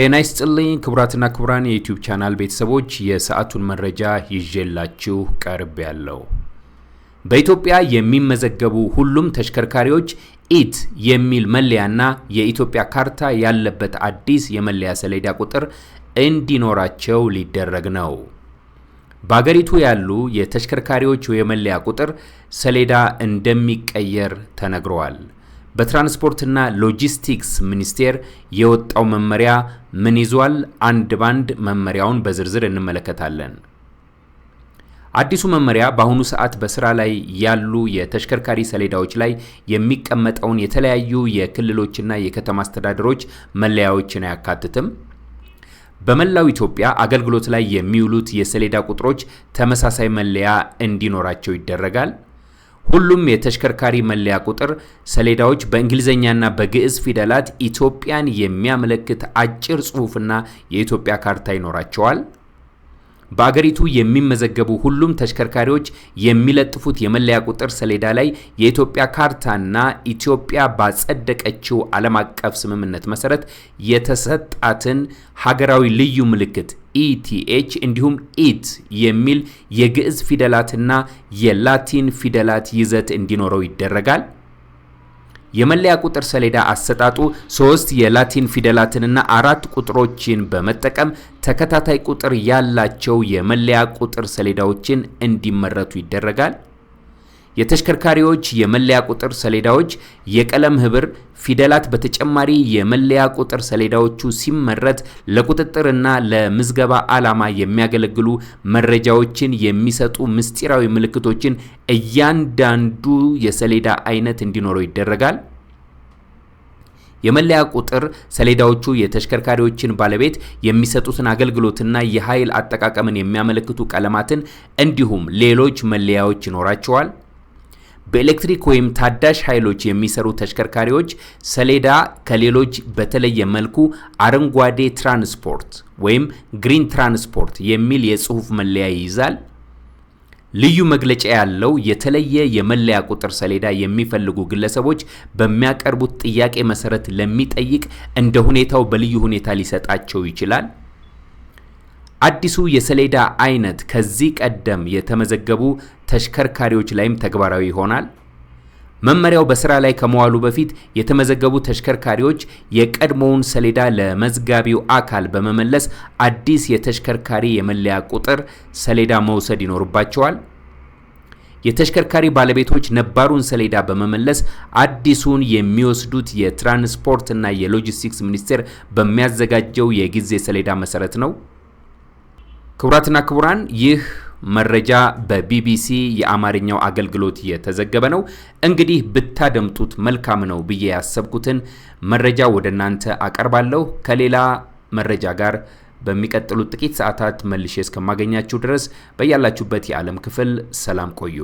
ጤና ይስጥልኝ ክቡራትና ክቡራን የዩቲዩብ ቻናል ቤተሰቦች የሰዓቱን መረጃ ይዤላችሁ ቀርብ ያለው በኢትዮጵያ የሚመዘገቡ ሁሉም ተሽከርካሪዎች ኢት የሚል መለያና የኢትዮጵያ ካርታ ያለበት አዲስ የመለያ ሰሌዳ ቁጥር እንዲኖራቸው ሊደረግ ነው። በአገሪቱ ያሉ የተሽከርካሪዎች የመለያ ቁጥር ሰሌዳ እንደሚቀየር ተነግረዋል። በትራንስፖርትና ሎጂስቲክስ ሚኒስቴር የወጣው መመሪያ ምን ይዟል? አንድ ባንድ መመሪያውን በዝርዝር እንመለከታለን። አዲሱ መመሪያ በአሁኑ ሰዓት በስራ ላይ ያሉ የተሽከርካሪ ሰሌዳዎች ላይ የሚቀመጠውን የተለያዩ የክልሎችና የከተማ አስተዳደሮች መለያዎችን አያካትትም። በመላው ኢትዮጵያ አገልግሎት ላይ የሚውሉት የሰሌዳ ቁጥሮች ተመሳሳይ መለያ እንዲኖራቸው ይደረጋል። ሁሉም የተሽከርካሪ መለያ ቁጥር ሰሌዳዎች በእንግሊዝኛና በግዕዝ ፊደላት ኢትዮጵያን የሚያመለክት አጭር ጽሑፍና የኢትዮጵያ ካርታ ይኖራቸዋል። በአገሪቱ የሚመዘገቡ ሁሉም ተሽከርካሪዎች የሚለጥፉት የመለያ ቁጥር ሰሌዳ ላይ የኢትዮጵያ ካርታና ኢትዮጵያ ባጸደቀችው ዓለም አቀፍ ስምምነት መሰረት የተሰጣትን ሀገራዊ ልዩ ምልክት ኢቲኤች እንዲሁም ኢት የሚል የግዕዝ ፊደላትና የላቲን ፊደላት ይዘት እንዲኖረው ይደረጋል። የመለያ ቁጥር ሰሌዳ አሰጣጡ ሶስት የላቲን ፊደላትንና አራት ቁጥሮችን በመጠቀም ተከታታይ ቁጥር ያላቸው የመለያ ቁጥር ሰሌዳዎችን እንዲመረቱ ይደረጋል። የተሽከርካሪዎች የመለያ ቁጥር ሰሌዳዎች የቀለም ህብር ፊደላት በተጨማሪ የመለያ ቁጥር ሰሌዳዎቹ ሲመረት ለቁጥጥርና ለምዝገባ ዓላማ የሚያገለግሉ መረጃዎችን የሚሰጡ ምስጢራዊ ምልክቶችን እያንዳንዱ የሰሌዳ አይነት እንዲኖረው ይደረጋል። የመለያ ቁጥር ሰሌዳዎቹ የተሽከርካሪዎችን ባለቤት የሚሰጡትን አገልግሎትና የኃይል አጠቃቀምን የሚያመለክቱ ቀለማትን እንዲሁም ሌሎች መለያዎች ይኖራቸዋል። በኤሌክትሪክ ወይም ታዳሽ ኃይሎች የሚሰሩ ተሽከርካሪዎች ሰሌዳ ከሌሎች በተለየ መልኩ አረንጓዴ ትራንስፖርት ወይም ግሪን ትራንስፖርት የሚል የጽሑፍ መለያ ይይዛል። ልዩ መግለጫ ያለው የተለየ የመለያ ቁጥር ሰሌዳ የሚፈልጉ ግለሰቦች በሚያቀርቡት ጥያቄ መሰረት ለሚጠይቅ እንደ ሁኔታው በልዩ ሁኔታ ሊሰጣቸው ይችላል። አዲሱ የሰሌዳ አይነት ከዚህ ቀደም የተመዘገቡ ተሽከርካሪዎች ላይም ተግባራዊ ይሆናል። መመሪያው በስራ ላይ ከመዋሉ በፊት የተመዘገቡ ተሽከርካሪዎች የቀድሞውን ሰሌዳ ለመዝጋቢው አካል በመመለስ አዲስ የተሽከርካሪ የመለያ ቁጥር ሰሌዳ መውሰድ ይኖርባቸዋል። የተሽከርካሪ ባለቤቶች ነባሩን ሰሌዳ በመመለስ አዲሱን የሚወስዱት የትራንስፖርት እና የሎጂስቲክስ ሚኒስቴር በሚያዘጋጀው የጊዜ ሰሌዳ መሰረት ነው። ክቡራትና ክቡራን ይህ መረጃ በቢቢሲ የአማርኛው አገልግሎት የተዘገበ ነው። እንግዲህ ብታደምጡት መልካም ነው ብዬ ያሰብኩትን መረጃ ወደ እናንተ አቀርባለሁ። ከሌላ መረጃ ጋር በሚቀጥሉት ጥቂት ሰዓታት መልሼ እስከማገኛችሁ ድረስ በያላችሁበት የዓለም ክፍል ሰላም ቆዩ።